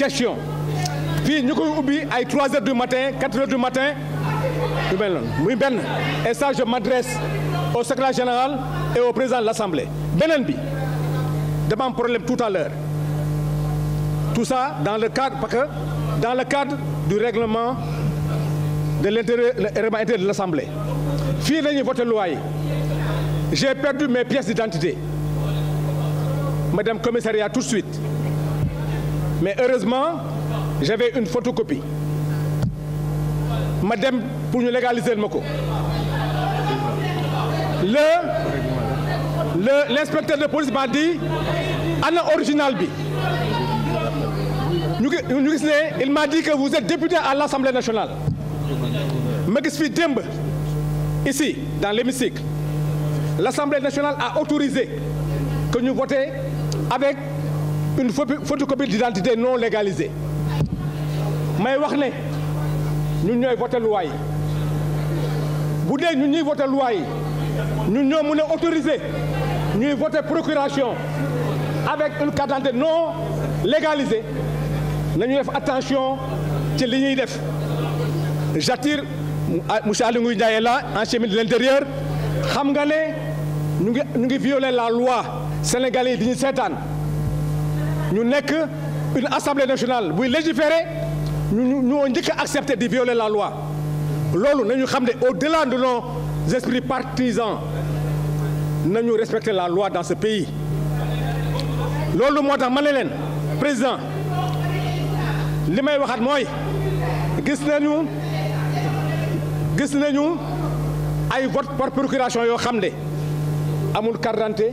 question Puis nous koy à 3 h du matin 4 h du matin Oui, bien. et ça je m'adresse au secrétaire général et au président de l'Assemblée beneen bi Demain problème tout à l'heure tout ça dans le cadre parce que dans le cadre du règlement de l'intérêt de l'Assemblée Fille la votre loi j'ai perdu mes pièces d'identité Madame commissariat tout de suite mais heureusement j'avais une photocopie Madame, pour nous légaliser le le l'inspecteur de police m'a dit Anna original il m'a dit que vous êtes député à l'Assemblée nationale ma gis fi ici dans l'hémicycle l'Assemblée nationale a autorisé que nous votions avec une photocopie d'identité non légalisée Mais wax savez, nous avons voté loi Nous bu dee ñun loi Nous avons ñoo mën Nous avons ñuy procuration avec une carte d'identité non légalisée avons fait attention ci li ñuy def j'attire monsieur Ali Ngouille Ndiaye là, ancien ministre de l'intérieur xam nga nous ñu violer la loi sénégalienne d'une certaine nous n'est une assemblée nationale buy légiférer nous ñoo njëkk accepter de violer la loi Nous nañu xam ne au-delà de nos esprits partisans nañu respecter la loi dans ce pays loolu moo dans ma président li que nous mooy gis nañu gis nañu ay vote par procuration nous xam voté. amul carte d'identité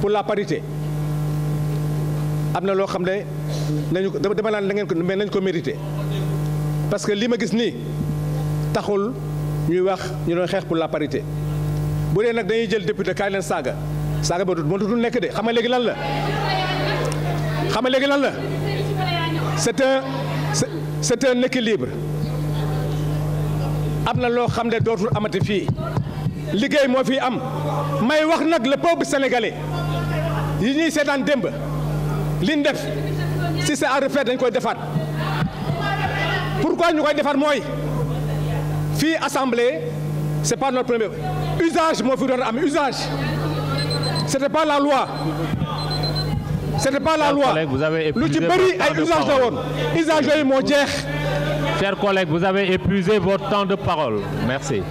pour la parité amna lo xamné nañu dama lan da ngeen ko mais nañ ko mériter parce que lima gis ni taxul ñuy wax ñu doon xex pour la parité bu dé nak dañuy jël député kaay len saga saga ba du ma dutul nekk de xam nga léegi lan la xam nga léegi lan la c'est un c'est un équilibre amna lo xamné xam dootul amati fi liggéey mo fi am may wax nak le peuple sénégalais Il que seetaan un liñ si c'est à refaire peut koy défendre. pourquoi ne koy pas moi Fille assemblée n'est pas notre premier usage mon vous usage. am usage c'était pas la loi Ce n'est pas la loi de Chers collègues, vous avez épuisé votre temps de parole. Merci.